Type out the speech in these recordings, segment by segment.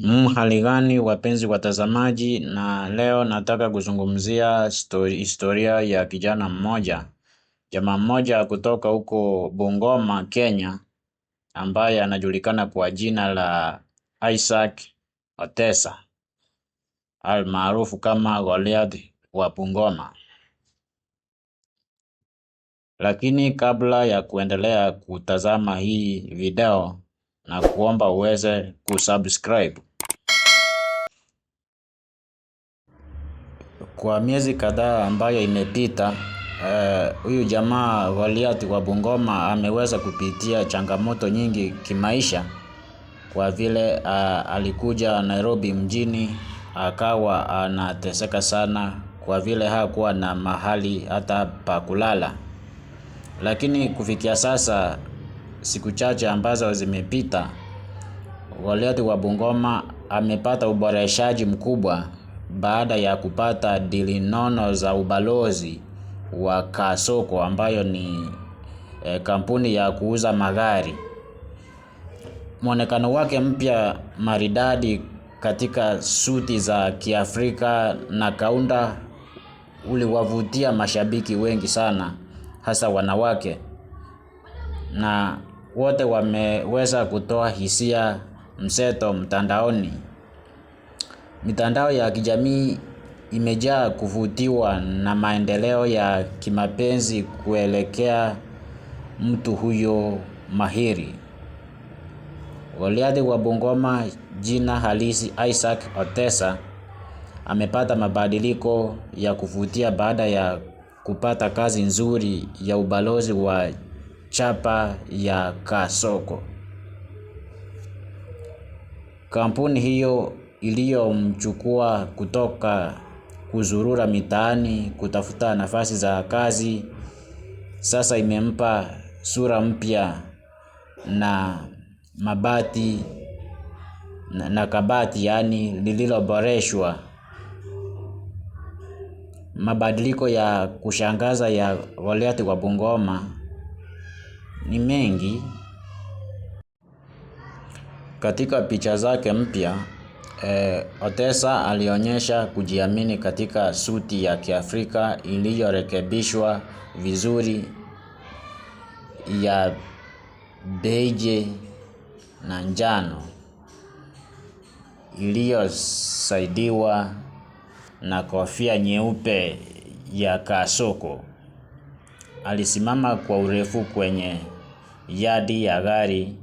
Mm, hali gani wapenzi watazamaji, na leo nataka kuzungumzia historia ya kijana mmoja, jamaa mmoja kutoka huko Bungoma, Kenya, ambaye anajulikana kwa jina la Isaac Otesa almaarufu kama Goliath wa Bungoma. Lakini kabla ya kuendelea kutazama hii video, na kuomba uweze kusubscribe Kwa miezi kadhaa ambayo imepita, eh, huyu jamaa Goliath wa Bungoma ameweza kupitia changamoto nyingi kimaisha kwa vile uh, alikuja Nairobi mjini akawa anateseka sana kwa vile hakuwa na mahali hata pa kulala. Lakini kufikia sasa siku chache ambazo zimepita, Goliath wa Bungoma amepata uboreshaji mkubwa baada ya kupata dili nono za ubalozi wa Kasoko ambayo ni e, kampuni ya kuuza magari. Mwonekano wake mpya maridadi katika suti za Kiafrika na kaunda uliwavutia mashabiki wengi sana, hasa wanawake, na wote wameweza kutoa hisia mseto mtandaoni. Mitandao ya kijamii imejaa kuvutiwa na maendeleo ya kimapenzi kuelekea mtu huyo mahiri. Goliathi wa Bungoma jina halisi Isaac Otesa amepata mabadiliko ya kuvutia baada ya kupata kazi nzuri ya ubalozi wa chapa ya Kasoko. Kampuni hiyo iliyomchukua kutoka kuzurura mitaani kutafuta nafasi za kazi sasa imempa sura mpya na mabati na kabati yaani lililoboreshwa. Mabadiliko ya kushangaza ya Goliath kwa Bungoma ni mengi. Katika picha zake mpya Eh, Otesa alionyesha kujiamini katika suti ya Kiafrika iliyorekebishwa vizuri ya beige na njano iliyosaidiwa na kofia nyeupe ya kasoko. Alisimama kwa urefu kwenye yadi ya gari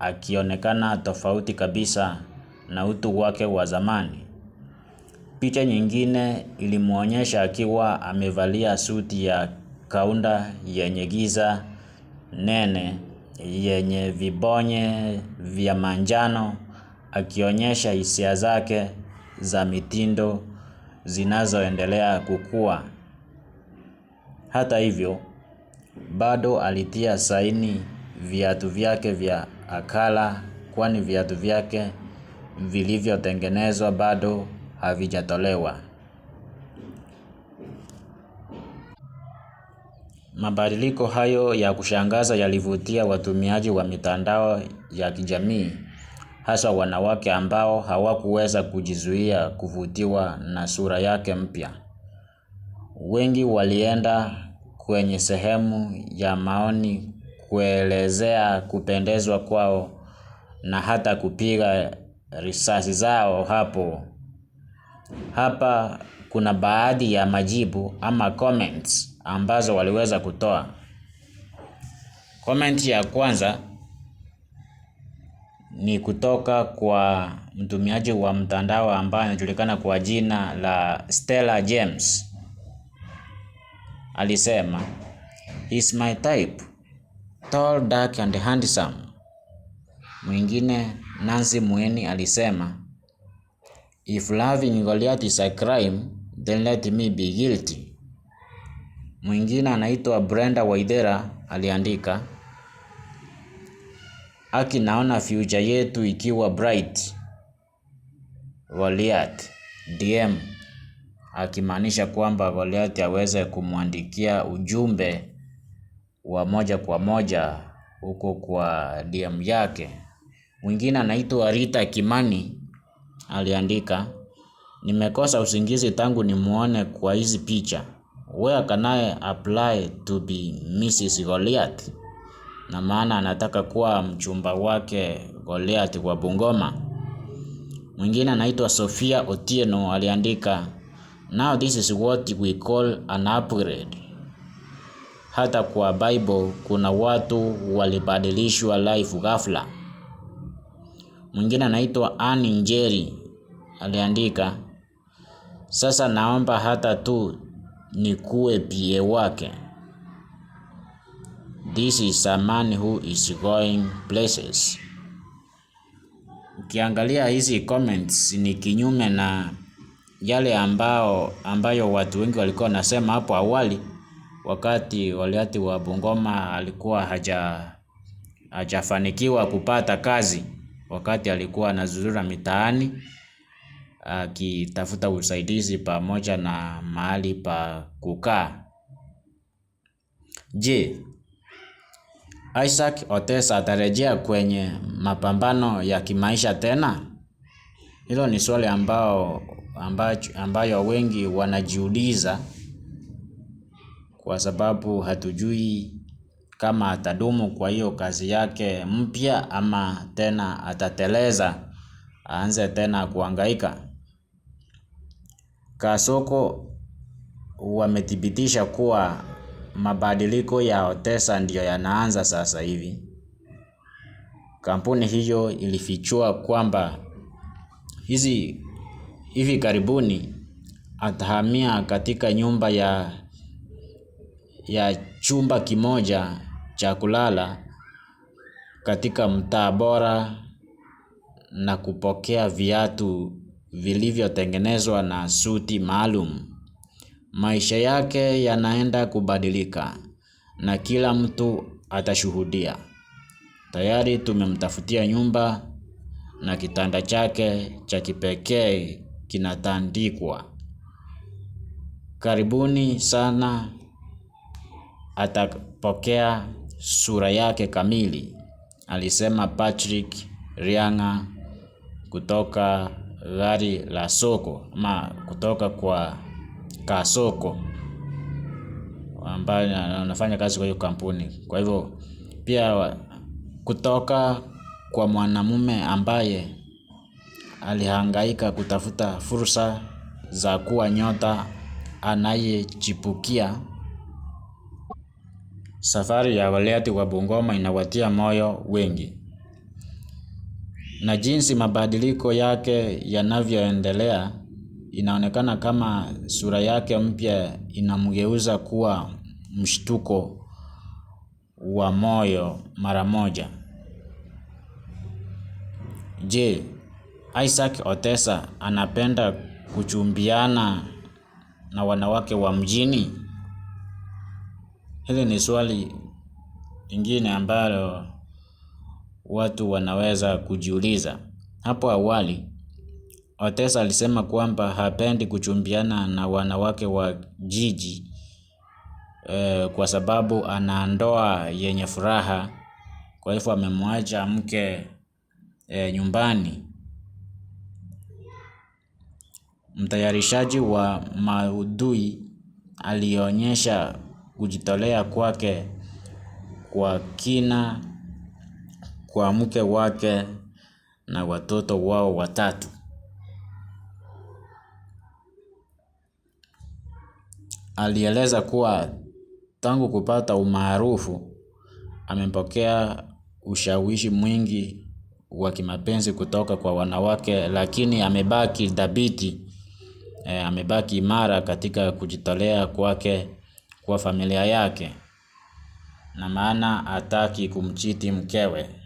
akionekana tofauti kabisa na utu wake wa zamani. Picha nyingine ilimwonyesha akiwa amevalia suti ya kaunda yenye giza nene yenye vibonye vya manjano akionyesha hisia zake za mitindo zinazoendelea kukua. Hata hivyo, bado alitia saini viatu vyake vya akala kwani viatu vyake vilivyotengenezwa bado havijatolewa. Mabadiliko hayo ya kushangaza yalivutia watumiaji wa mitandao ya kijamii, hasa wanawake ambao hawakuweza kujizuia kuvutiwa na sura yake mpya. Wengi walienda kwenye sehemu ya maoni kuelezea kupendezwa kwao na hata kupiga risasi zao hapo. Hapa kuna baadhi ya majibu ama comments ambazo waliweza kutoa. Comment ya kwanza ni kutoka kwa mtumiaji wa mtandao ambaye anajulikana kwa jina la Stella James. Alisema, Is my type tall dark and handsome. Mwingine Nancy Mueni alisema, If loving Goliath is a crime, then let me be guilty. Mwingine anaitwa Brenda Waithera aliandika, Aki naona future yetu ikiwa bright. Goliath DM akimaanisha kwamba Goliath aweze kumwandikia ujumbe wa moja kwa moja huko kwa DM yake. Mwingine anaitwa Rita Kimani aliandika, nimekosa usingizi tangu nimwone kwa hizi picha. Where can I apply to be Mrs. Goliath? Na maana anataka kuwa mchumba wake Goliath kwa Bungoma. Mwingine anaitwa Sofia Otieno aliandika, now this is what we call an upgrade. Hata kwa Bible kuna watu walibadilishwa life ghafla. Mwingine anaitwa Ani Njeri aliandika, sasa naomba hata tu nikuwe pie wake. This is a man who is going places. Ukiangalia hizi comments ni kinyume na yale ambao ambayo watu wengi walikuwa nasema hapo awali, wakati Waliati wa Bungoma alikuwa haja hajafanikiwa kupata kazi wakati alikuwa anazurura mitaani akitafuta usaidizi pamoja na mahali pa kukaa. Je, Isaac Otesa atarejea kwenye mapambano ya kimaisha tena? Hilo ni swali ambao ambayo wengi wanajiuliza kwa sababu hatujui kama atadumu kwa hiyo kazi yake mpya ama tena atateleza aanze tena kuangaika Kasoko wamethibitisha kuwa mabadiliko ya Otesa ndiyo yanaanza sasa hivi. Kampuni hiyo ilifichua kwamba hizi hivi karibuni atahamia katika nyumba ya ya chumba kimoja cha kulala katika mtaa bora na kupokea viatu vilivyotengenezwa na suti maalum. Maisha yake yanaenda kubadilika na kila mtu atashuhudia. Tayari tumemtafutia nyumba na kitanda chake cha kipekee kinatandikwa. Karibuni sana atapokea sura yake kamili, alisema Patrick Rianga kutoka gari la soko ama kutoka kwa Kasoko ambaye anafanya kazi kwa hiyo kampuni. Kwa hivyo pia kutoka kwa mwanamume ambaye alihangaika kutafuta fursa za kuwa nyota anayechipukia Safari ya waleti wa Bungoma inawatia moyo wengi na jinsi mabadiliko yake yanavyoendelea inaonekana kama sura yake mpya inamgeuza kuwa mshtuko wa moyo mara moja. Je, Isaac Otesa anapenda kuchumbiana na wanawake wa mjini? Hili ni swali lingine ambalo watu wanaweza kujiuliza. Hapo awali, Otesa alisema kwamba hapendi kuchumbiana na wanawake wa jiji e, kwa sababu ana ndoa yenye furaha. Kwa hivyo amemwacha mke e, nyumbani. Mtayarishaji wa maudhui alionyesha kujitolea kwake kwa kina kwa mke wake na watoto wao watatu. Alieleza kuwa tangu kupata umaarufu amepokea ushawishi mwingi wa kimapenzi kutoka kwa wanawake lakini amebaki dhabiti, eh, amebaki imara katika kujitolea kwake kwa familia yake na maana hataki kumchiti mkewe.